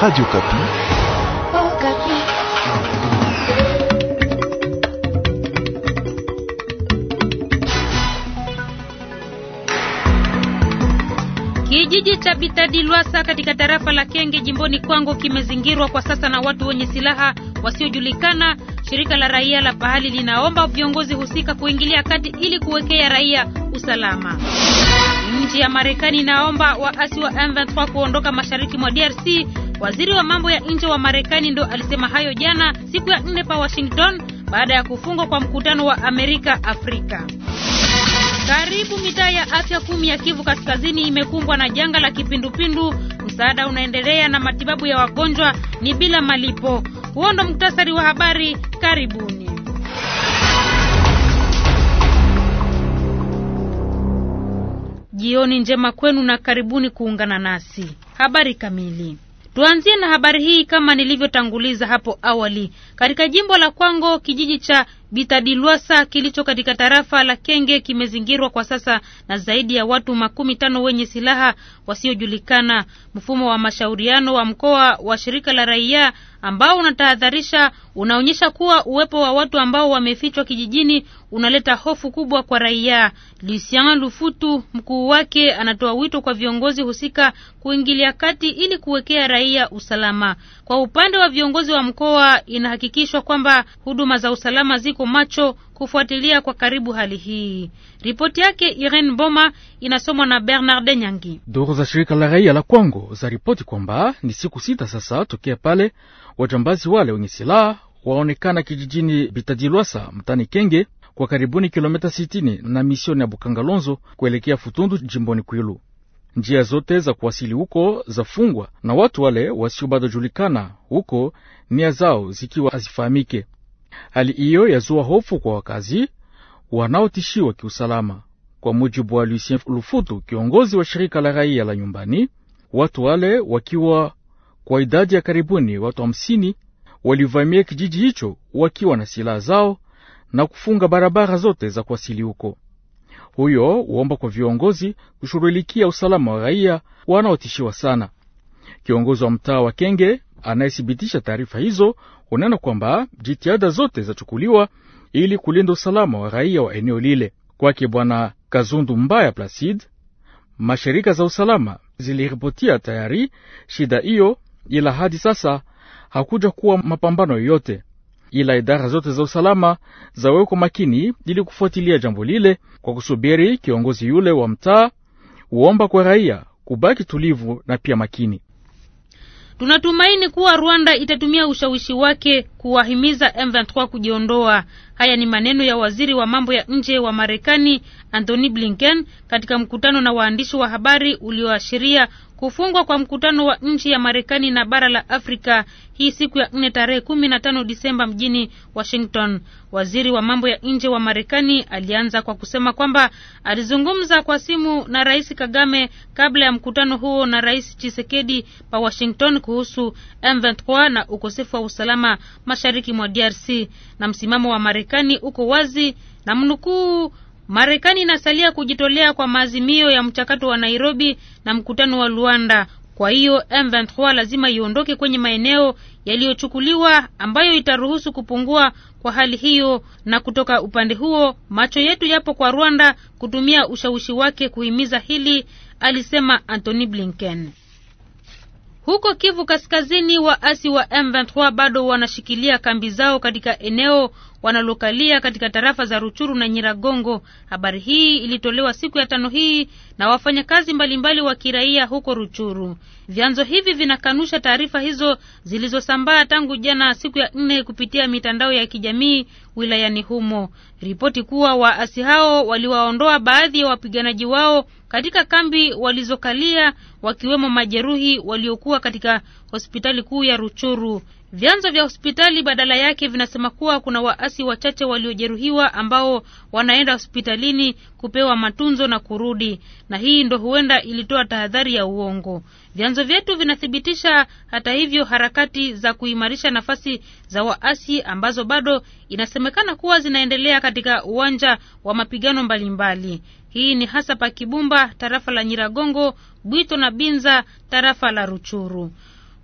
Radio Kapi. Oh, Kapi. Kijiji cha Bitadi Lwasa katika tarafa la Kenge jimboni Kwango kimezingirwa kwa sasa na watu wenye silaha wasiojulikana. Shirika la raia la pahali linaomba viongozi husika kuingilia kati ili kuwekea raia usalama. Nchi ya Marekani inaomba waasi wa M23 kuondoka mashariki mwa DRC Waziri wa mambo ya nje wa Marekani ndo alisema hayo jana siku ya nne pa Washington baada ya kufungwa kwa mkutano wa Amerika Afrika. Karibu mitaa ya afya kumi ya Kivu Kaskazini imekumbwa na janga la kipindupindu. Msaada unaendelea na matibabu ya wagonjwa ni bila malipo. Huo ndo muktasari wa habari. Karibuni. Jioni njema kwenu na karibuni kuungana nasi. Habari kamili. Tuanzie na habari hii kama nilivyotanguliza hapo awali. Katika jimbo la Kwango kijiji cha Bitadilwasa kilicho katika tarafa la Kenge kimezingirwa kwa sasa na zaidi ya watu makumi tano wenye silaha wasiojulikana. Mfumo wa mashauriano wa mkoa wa shirika la raia ambao unatahadharisha unaonyesha kuwa uwepo wa watu ambao wamefichwa kijijini unaleta hofu kubwa kwa raia. Lucien Lufutu, mkuu wake, anatoa wito kwa viongozi husika kuingilia kati ili kuwekea raia usalama. Kwa upande wa viongozi wa mkoa, inahakikishwa kwamba huduma za usalama ziko wako macho kufuatilia kwa karibu hali hii. Ripoti yake Irene Boma inasomwa na Bernard Nyangi. Duru za shirika la raia la Kongo za ripoti kwamba ni siku sita sasa tokea pale wajambazi wale wenye silaha waonekana kijijini Bitadilwasa mtani Kenge kwa karibuni kilomita 60 na misioni ya Bukangalonzo kuelekea Futundu jimboni Kwilu. Njia zote za kuwasili huko zafungwa na watu wale julikana huko, nia zao zikiwa hazifahamike. Hali hiyo yazua hofu kwa wakazi wanaotishiwa kiusalama. Kwa mujibu wa Lucien Lufutu, kiongozi wa shirika la raia la nyumbani, watu wale wakiwa kwa idadi ya karibuni watu hamsini walivamia kijiji hicho wakiwa na silaha zao na kufunga barabara zote za kuasili huko. Huyo huomba kwa viongozi kushughulikia usalama wa raia wanaotishiwa sana. Kiongozi wa mtaa wa Kenge anayethibitisha taarifa hizo Unena kwamba jitihada zote zachukuliwa ili kulinda usalama wa raia wa eneo lile. Kwake Bwana Kazundu Mbaya Placide, mashirika za usalama ziliripotia tayari shida hiyo, ila hadi sasa hakuja kuwa mapambano yoyote, ila idara zote za usalama zawekwa makini ili kufuatilia jambo lile kwa kusubiri kiongozi yule wa mtaa uomba kwa raia kubaki tulivu na pia makini. Tunatumaini kuwa Rwanda itatumia ushawishi wake kuwahimiza M23 kujiondoa. Haya ni maneno ya waziri wa mambo ya nje wa Marekani Anthony Blinken katika mkutano na waandishi wa habari ulioashiria Kufungwa kwa mkutano wa nchi ya Marekani na bara la Afrika hii siku ya nne tarehe kumi na tano Disemba mjini Washington. Waziri wa mambo ya nje wa Marekani alianza kwa kusema kwamba alizungumza kwa simu na Rais Kagame kabla ya mkutano huo na Rais Chisekedi pa Washington kuhusu M23 na ukosefu wa usalama mashariki mwa DRC na msimamo wa Marekani uko wazi na mnukuu Marekani inasalia kujitolea kwa maazimio ya mchakato wa Nairobi na mkutano wa Luanda. Kwa hiyo M23 lazima iondoke kwenye maeneo yaliyochukuliwa ambayo itaruhusu kupungua kwa hali hiyo. Na kutoka upande huo, macho yetu yapo kwa Rwanda kutumia ushawishi wake kuhimiza hili, alisema Anthony Blinken. Huko Kivu Kaskazini, waasi wa M23 bado wanashikilia kambi zao katika eneo wanalokalia katika tarafa za Ruchuru na Nyiragongo. Habari hii ilitolewa siku ya tano hii na wafanyakazi mbalimbali wa kiraia huko Ruchuru. Vyanzo hivi vinakanusha taarifa hizo zilizosambaa tangu jana siku ya nne kupitia mitandao ya kijamii wilayani humo. Ripoti kuwa waasi hao waliwaondoa baadhi ya wapiganaji wao katika kambi walizokalia, wakiwemo majeruhi waliokuwa katika hospitali kuu ya Ruchuru. Vyanzo vya hospitali badala yake vinasema kuwa kuna waasi wachache waliojeruhiwa ambao wanaenda hospitalini kupewa matunzo na kurudi, na hii ndo huenda ilitoa tahadhari ya uongo. Vyanzo vyetu vinathibitisha hata hivyo harakati za kuimarisha nafasi za waasi ambazo bado inasemekana kuwa zinaendelea katika uwanja wa mapigano mbalimbali mbali. Hii ni hasa pa Kibumba, tarafa la Nyiragongo, Bwito na Binza, tarafa la Ruchuru.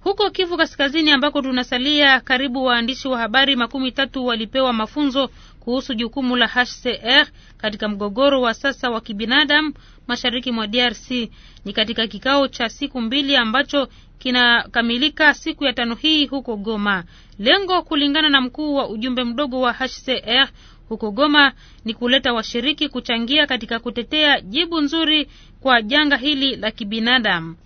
Huko Kivu Kaskazini ambako tunasalia, karibu waandishi wa habari makumi tatu walipewa mafunzo kuhusu jukumu la HCR katika mgogoro wa sasa wa kibinadamu mashariki mwa DRC. Ni katika kikao cha siku mbili ambacho kinakamilika siku ya tano hii huko Goma. Lengo kulingana na mkuu wa ujumbe mdogo wa HCR huko Goma ni kuleta washiriki kuchangia katika kutetea jibu nzuri kwa janga hili la kibinadamu.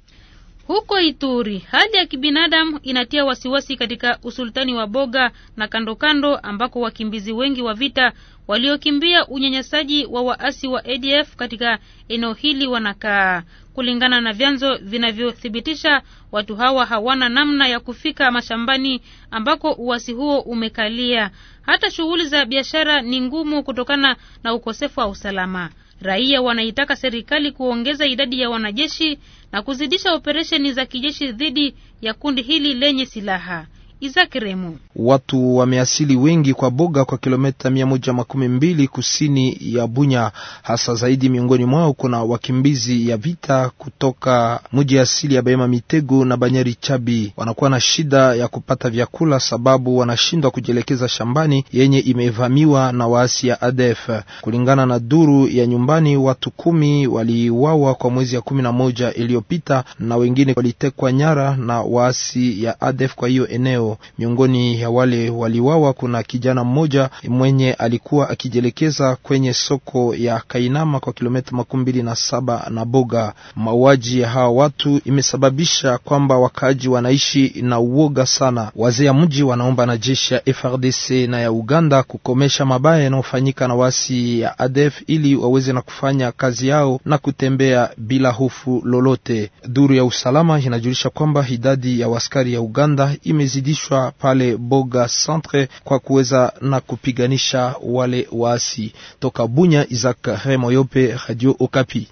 Huko Ituri hali ya kibinadamu inatia wasiwasi katika usultani wa Boga na kandokando kando, ambako wakimbizi wengi wa vita waliokimbia unyanyasaji wa waasi wa ADF katika eneo hili wanakaa. Kulingana na vyanzo vinavyothibitisha, watu hawa hawana namna ya kufika mashambani ambako uasi huo umekalia. Hata shughuli za biashara ni ngumu kutokana na ukosefu wa usalama. Raia wanaitaka serikali kuongeza idadi ya wanajeshi na kuzidisha operesheni za kijeshi dhidi ya kundi hili lenye silaha. Isaac Remu. Watu wameasili wengi kwa Boga kwa kilomita mia moja makumi mbili kusini ya Bunya. Hasa zaidi miongoni mwao kuna wakimbizi ya vita kutoka mji asili ya Bema Mitego na Banyari Chabi. Wanakuwa na shida ya kupata vyakula sababu wanashindwa kujielekeza shambani yenye imevamiwa na waasi ya ADF. Kulingana na duru ya nyumbani, watu kumi waliuawa kwa mwezi ya kumi na moja iliyopita na wengine walitekwa nyara na waasi ya ADF kwa hiyo eneo Miongoni ya wale waliwawa kuna kijana mmoja mwenye alikuwa akijielekeza kwenye soko ya Kainama kwa kilomita makumi mbili na saba na Boga. Mauaji ya hawa watu imesababisha kwamba wakaaji wanaishi na uoga sana. Wazee ya mji wanaomba na jeshi ya FRDC na ya Uganda kukomesha mabaya yanayofanyika na wasi ya ADF ili waweze na kufanya kazi yao na kutembea bila hofu lolote. Duru ya usalama inajulisha kwamba idadi ya waskari ya Uganda imezidishwa kuanzishwa pale Boga Centre kwa kuweza na kupiganisha wale waasi toka Bunya. Isaac Remoyope, Radio Okapi.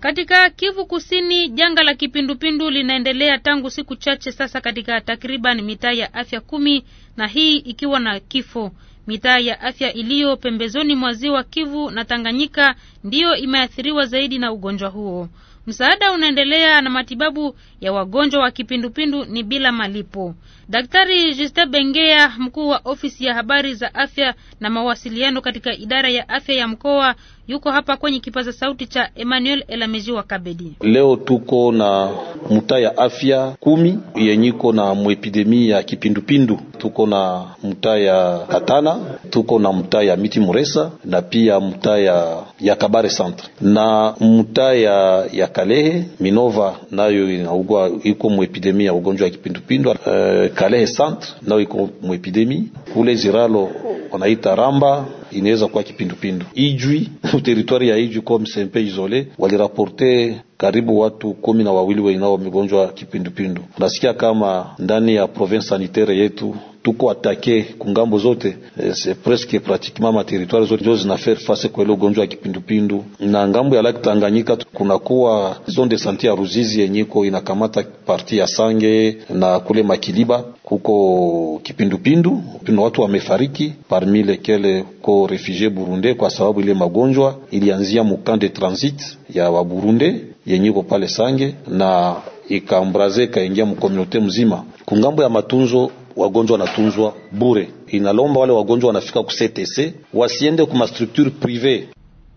Katika Kivu Kusini, janga la kipindupindu linaendelea tangu siku chache sasa katika takriban mitaa ya afya kumi na hii ikiwa na kifo. Mitaa ya afya iliyo pembezoni mwa ziwa Kivu na Tanganyika ndiyo imeathiriwa zaidi na ugonjwa huo. Msaada unaendelea na matibabu ya wagonjwa wa kipindupindu ni bila malipo. Daktari Juste Bengea, mkuu wa ofisi ya habari za afya na mawasiliano katika idara ya afya ya mkoa, yuko hapa kwenye kipaza sauti cha Emmanuel Elamezi wa Kabedi. Leo tuko na mtaa ya afya kumi yenyiko na mwepidemi ya kipindupindu, tuko na mtaa ya Katana, tuko na mtaa ya Miti Muresa na pia mtaa ya, ya Kabare Centre na mtaa ya, ya Kalehe Minova, nayo inaugua iko mwepidemi ya ugonjwa ya kipindupindu. Uh, Kalehe Centre nayo iko mwepidemi kule Ziralo wanaita Ramba, inaweza kuwa kipindupindu. Ijwi teritwari ya Ijwi ko msempe izole waliraporte karibu watu kumi na wawili wenao wamegonjwa kipindupindu. Unasikia kama ndani ya province sanitaire yetu tuko atake kungambo zote eh, c'est presque pratiquement ma territoire zote ndio zina faire face kwa ile ugonjwa ya kipindupindu. Na ngambo ya Lake Tanganyika kunakuwa zone de santé ya Ruzizi yenyiko inakamata parti ya Sange na kule Makiliba kuko kipindupindu kuna watu wamefariki, parmi lesquels ko refugie burunde kwa sababu ile magonjwa ilianzia mukamp de transit ya yenye yenyiko pale Sange na ikaambraze ikaingia mkomunote mzima. Kungambo ya matunzo wagonjwa wanatunzwa bure. Inalomba wale wagonjwa wanafika ku CTC wasiende ku ma prive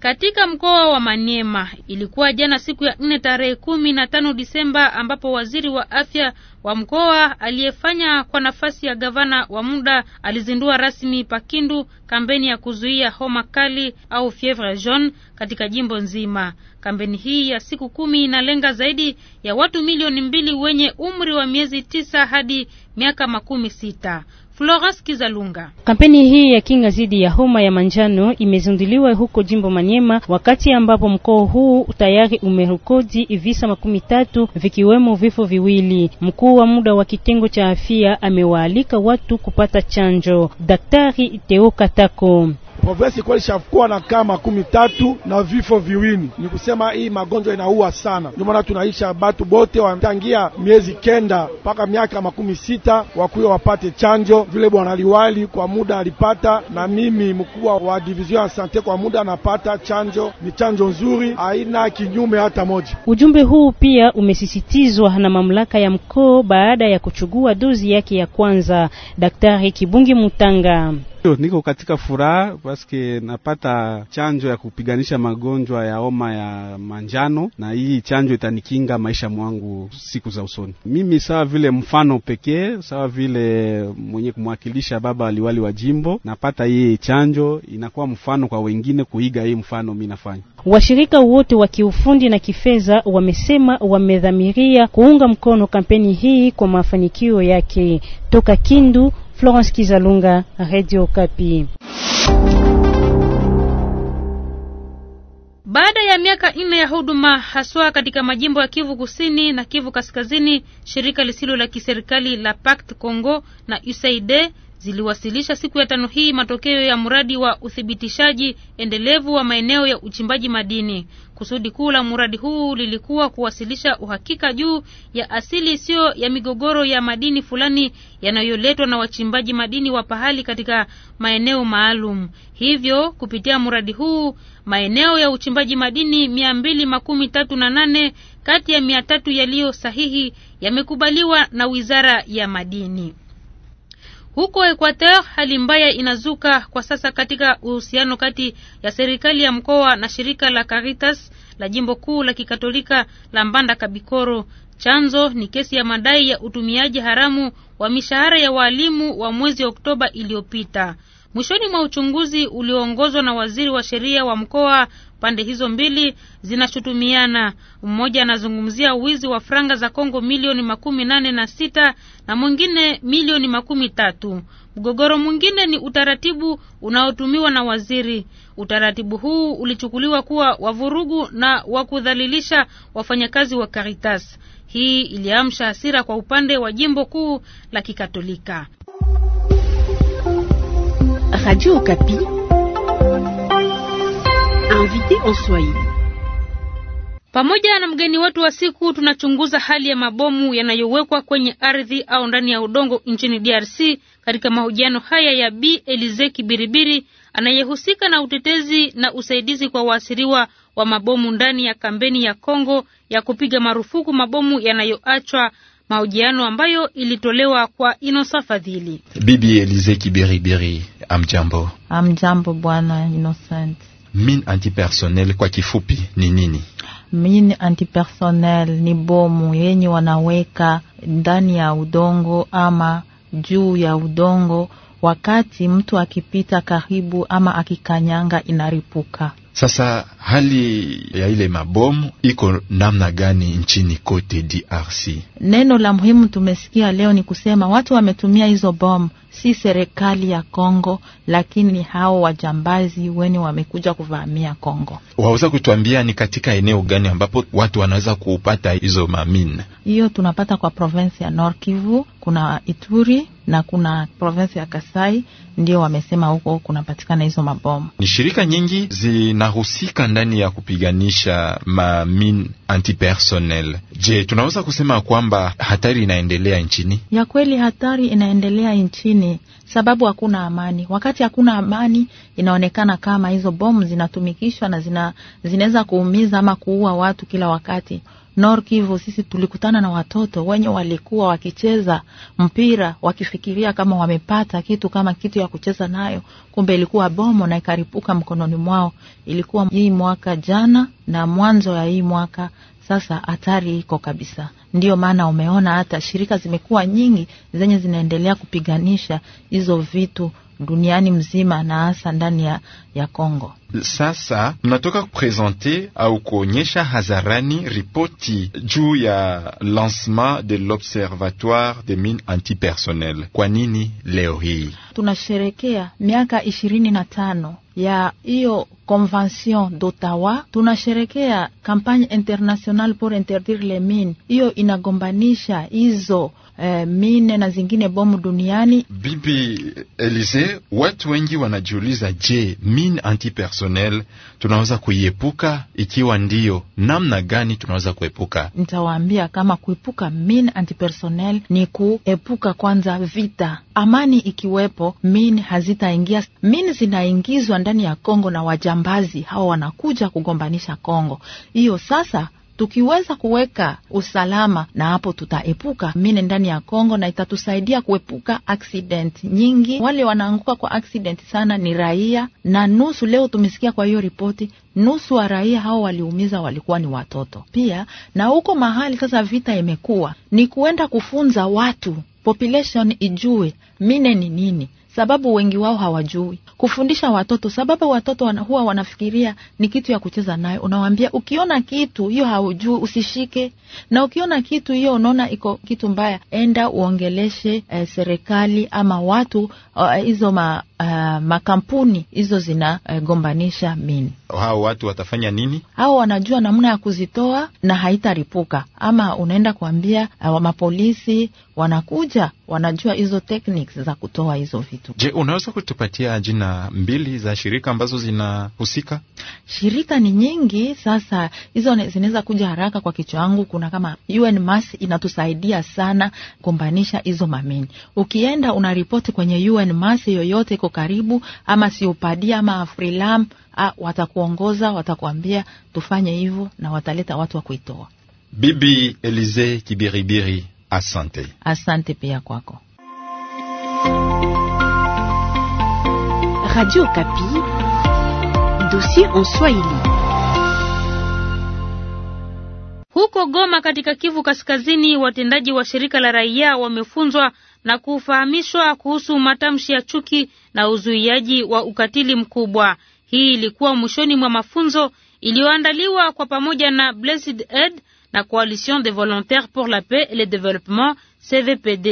katika mkoa wa Maniema. Ilikuwa jana siku ya nne tarehe kumi na tano Disemba ambapo waziri wa afya wa mkoa aliyefanya kwa nafasi ya gavana wa muda alizindua rasmi Pakindu kampeni ya kuzuia homa kali au fievre jaune katika jimbo nzima. Kampeni hii ya siku kumi inalenga zaidi ya watu milioni mbili wenye umri wa miezi tisa hadi miaka makumi sita. Florence Kizalunga. Kampeni hii ya kinga dhidi ya homa ya manjano imezinduliwa huko Jimbo Manyema wakati ambapo mkoa huu tayari umerekodi visa makumi tatu vikiwemo vifo viwili. Mkuu wa muda wa kitengo cha afya amewaalika watu kupata chanjo. Daktari Teo Katako province kweli shakuwa na kama kumi tatu na vifo viwini. Ni kusema hii magonjwa inaua sana, ndio maana tunaisha batu bote watangia miezi kenda mpaka miaka makumi sita wakuyo wapate chanjo, vile bwana liwali kwa muda alipata, na mimi mkubwa wa division ya sante kwa muda anapata chanjo. Ni chanjo nzuri, haina kinyume hata moja. Ujumbe huu pia umesisitizwa na mamlaka ya mkoo baada ya kuchugua dozi yake ya kwanza. Daktari Kibungi Mutanga Niko katika furaha paske napata chanjo ya kupiganisha magonjwa ya homa ya manjano, na hii chanjo itanikinga maisha mwangu siku za usoni. Mimi sawa vile mfano pekee, sawa vile mwenye kumwakilisha baba aliwali wa jimbo, napata hii chanjo, inakuwa mfano kwa wengine kuiga hii mfano mimi nafanya. Washirika wote wa kiufundi na kifedha wamesema wamedhamiria kuunga mkono kampeni hii kwa mafanikio yake. Toka Kindu Florence Kizalunga, Radio Kapi. Baada ya miaka nne ya huduma haswa katika majimbo ya Kivu Kusini na Kivu Kaskazini, shirika lisilo la kiserikali la Pact Congo na USAID ziliwasilisha siku ya tano hii matokeo ya mradi wa uthibitishaji endelevu wa maeneo ya uchimbaji madini. Kusudi kuu la mradi huu lilikuwa kuwasilisha uhakika juu ya asili isiyo ya migogoro ya madini fulani yanayoletwa na wachimbaji madini wa pahali katika maeneo maalum. Hivyo, kupitia mradi huu maeneo ya uchimbaji madini mia mbili makumi tatu na nane kati ya mia tatu yaliyo sahihi yamekubaliwa na Wizara ya Madini. Huko Equateur hali mbaya inazuka kwa sasa katika uhusiano kati ya serikali ya mkoa na shirika la Caritas la jimbo kuu la Kikatolika la Mbanda Kabikoro. Chanzo ni kesi ya madai ya utumiaji haramu wa mishahara ya waalimu wa mwezi Oktoba iliyopita. Mwishoni mwa uchunguzi ulioongozwa na waziri wa sheria wa mkoa, pande hizo mbili zinashutumiana. Mmoja anazungumzia wizi wa franga za Kongo milioni makumi nane na sita na mwingine milioni makumi tatu. Mgogoro mwingine ni utaratibu unaotumiwa na waziri. Utaratibu huu ulichukuliwa kuwa wavurugu na wa kudhalilisha wafanyakazi wa Caritas. Hii iliamsha hasira kwa upande wa jimbo kuu la Kikatolika. Radio Okapi, invité en Swahili. Pamoja na mgeni wetu wa siku tunachunguza hali ya mabomu yanayowekwa kwenye ardhi au ndani ya udongo nchini DRC katika mahojiano haya ya B Elize Kibiribiri anayehusika na utetezi na usaidizi kwa waasiriwa wa mabomu ndani ya kampeni ya Kongo ya kupiga marufuku mabomu yanayoachwa mahojiano ambayo ilitolewa kwa Inosa Fadhili. Bibi Elize Kiberiberi, amjambo. Amjambo bwana Innocent. Mine antipersonnel kwa kifupi ni nini? Mine antipersonnel ni bomu yenye wanaweka ndani ya udongo ama juu ya udongo, wakati mtu akipita karibu ama akikanyanga inaripuka. Sasa hali ya ile mabomu iko namna gani nchini kote DRC? Neno la muhimu tumesikia leo ni kusema watu wametumia hizo bomu, si serikali ya Kongo, lakini hao wajambazi weni wamekuja kuvamia Kongo. Waweza kutuambia ni katika eneo gani ambapo watu wanaweza kupata hizo mamina? Hiyo tunapata kwa province ya Nord Kivu, kuna Ituri na kuna provinsi ya Kasai ndio wamesema huko kunapatikana hizo mabomu. Ni shirika nyingi zinahusika ndani ya kupiganisha mamin antipersonnel. Je, tunaweza kusema kwamba hatari inaendelea nchini? Ya kweli hatari inaendelea nchini, sababu hakuna amani. Wakati hakuna amani, inaonekana kama hizo bomu zinatumikishwa na zinaweza kuumiza ama kuua watu kila wakati. Nord Kivu, sisi tulikutana na watoto wenye walikuwa wakicheza mpira wakifikiria kama wamepata kitu kama kitu ya kucheza nayo, kumbe ilikuwa bomo na ikaripuka mkononi mwao. Ilikuwa hii mwaka jana na mwanzo ya hii mwaka sasa, hatari iko kabisa. ndio maana umeona hata shirika zimekuwa nyingi zenye zinaendelea kupiganisha hizo vitu duniani mzima na hasa ndani ya, ya Kongo. Sasa mnatoka kuprezente au kuonyesha hadharani ripoti juu ya lancement de l'observatoire des mines antipersonnel. Kwa nini leo hii tunasherekea miaka ishirini na tano ya hiyo convention d'Ottawa? Tunasherekea campagne internationale pour interdire les mines, hiyo inagombanisha hizo eh, mine na zingine bomu duniani. Bibi Elise, watu wengi wanajiuliza, je, mine antipersonnel tunaweza kuiepuka? Ikiwa ndio namna gani tunaweza kuepuka? Nitawaambia kama kuepuka mine antipersonnel ni kuepuka kwanza vita. Amani ikiwepo, mine hazitaingia. Mine zinaingizwa ndani ya Kongo na wajambazi hawa wanakuja kugombanisha Kongo. Hiyo sasa tukiweza kuweka usalama, na hapo tutaepuka mine ndani ya Kongo, na itatusaidia kuepuka accident nyingi. Wale wanaanguka kwa accident sana ni raia, na nusu leo tumesikia kwa hiyo ripoti, nusu wa raia hao waliumiza walikuwa ni watoto pia. Na huko mahali sasa vita imekuwa ni kuenda kufunza watu population ijue mine ni nini sababu wengi wao hawajui kufundisha watoto, sababu watoto wana, huwa wanafikiria ni kitu ya kucheza nayo. Unawaambia ukiona kitu hiyo haujui usishike, na ukiona kitu hiyo unaona iko kitu mbaya, enda uongeleshe eh, serikali ama watu eh, hizo eh, uh, makampuni hizo zinagombanisha uh, mini. Hao watu watafanya nini? Hao wanajua namna ya kuzitoa na haitaripuka, ama unaenda kuambia uh, mapolisi wanakuja, wanajua hizo techniques za kutoa hizo vitu. Je, unaweza kutupatia jina mbili za shirika ambazo zinahusika? Shirika ni nyingi, sasa hizo zinaweza kuja haraka kwa kichwa yangu. Kuna kama UN Mass inatusaidia sana gombanisha hizo mamini. Ukienda unaripoti kwenye UN Mass yoyote iko karibu, ama siopadi ama afrilam a, watakuongoza watakuambia tufanye hivyo, na wataleta watu wa kuitoa. Bibi Elize Kibiribiri, asante. Asante pia kwako. Radio Kapi, dossier en Swahili. Huko Goma katika Kivu Kaskazini, watendaji wa shirika la raia wamefunzwa na kufahamishwa kuhusu matamshi ya chuki na uzuiaji wa ukatili mkubwa. Hii ilikuwa mwishoni mwa mafunzo iliyoandaliwa kwa pamoja na Blessed Aid na Coalition des Volontaires pour la Paix et le Développement CVPD.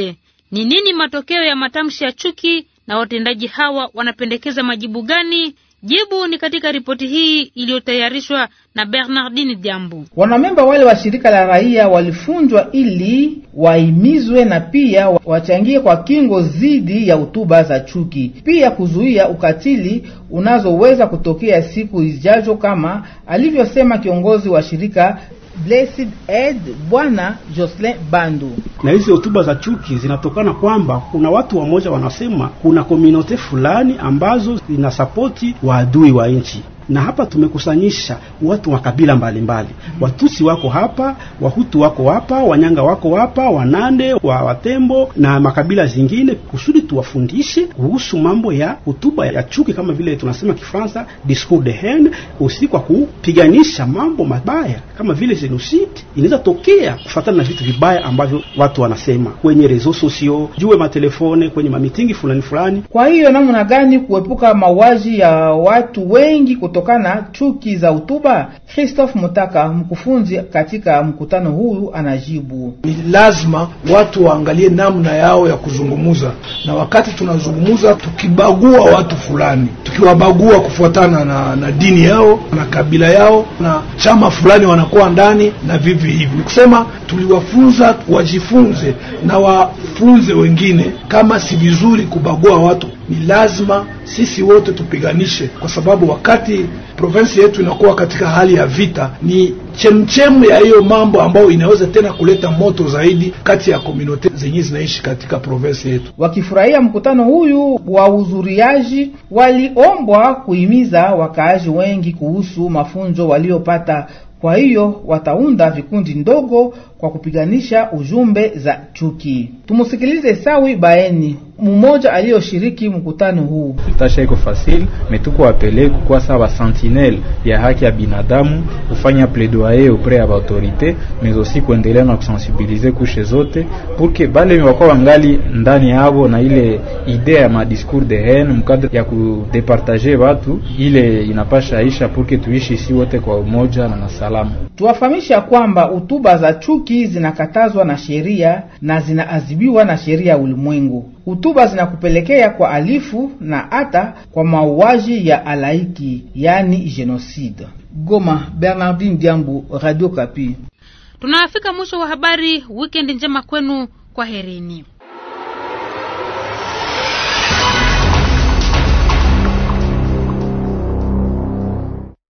Ni nini matokeo ya matamshi ya chuki na watendaji hawa wanapendekeza majibu gani? Jibu ni katika ripoti hii iliyotayarishwa na Bernardini Jambu. Wanamemba wale wa shirika la raia walifunjwa ili waimizwe na pia wachangie kwa kingo dhidi ya hutuba za chuki, pia kuzuia ukatili unazoweza kutokea siku zijazo, kama alivyosema kiongozi wa shirika Blessed Ed Bwana Jocelyn Bandu. Na hizi hotuba za chuki zinatokana kwamba kuna watu wamoja wanasema kuna komunote fulani ambazo zinasapoti waadui wa nchi na hapa tumekusanyisha watu wa kabila mbalimbali mbali. Watusi wako hapa, Wahutu wako hapa, Wanyanga wako hapa, Wanande wa Watembo na makabila zingine, kusudi tuwafundishe kuhusu mambo ya hutuba ya chuki, kama vile tunasema Kifaransa discours de haine, usiku wa kupiganisha mambo mabaya kama vile genocide inaweza tokea kufatana na vitu vibaya ambavyo watu wanasema kwenye reseaux sociaux, jue matelefone, kwenye mamitingi fulani fulani. Kwa hiyo namna gani kuepuka mawazi ya watu wengi kuto kutokana chuki za utuba? Christophe Mutaka, mkufunzi katika mkutano huu, anajibu: ni lazima watu waangalie namna yao ya kuzungumuza, na wakati tunazungumuza tukibagua watu fulani, tukiwabagua kufuatana na, na dini yao na kabila yao na chama fulani wanakuwa ndani na vivi hivi, ni kusema tuliwafunza wajifunze na wafunze wengine, kama si vizuri kubagua watu ni lazima sisi wote tupiganishe, kwa sababu wakati provinsi yetu inakuwa katika hali ya vita, ni chemchemu ya hiyo mambo ambayo inaweza tena kuleta moto zaidi kati ya komunote zenye zinaishi katika provinsi yetu. Wakifurahia mkutano huyu, wahudhuriaji waliombwa kuhimiza wakaaji wengi kuhusu mafunzo waliopata. Kwa hiyo wataunda vikundi ndogo kwa kupiganisha ujumbe za chuki. Tumusikilize Sawi Baeni, mmoja aliyoshiriki mkutano huu. Tasha iko fasile metuko apele kukuwa sawa sentinel ya haki ya binadamu kufanya plaidoyer auprès ya autorité mais aussi kuendelea na kusensibiliser kushe zote pour que bale wako wangali ndani yao na ile idea ya ma discours de haine mkadre ya kudepartage watu ile inapasha isha pour que tuishi si wote kwa umoja na salama. Tuwafahamisha kwamba utuba za chuki chuki zinakatazwa na sheria na zinaadhibiwa na sheria ya ulimwengu. Hutuba zinakupelekea kwa alifu na hata kwa mauaji ya alaiki, yani genocide. Goma, Bernardin Diambu, Radio Kapi. Tunafika mwisho wa habari. Wikendi njema kwenu, kwa herini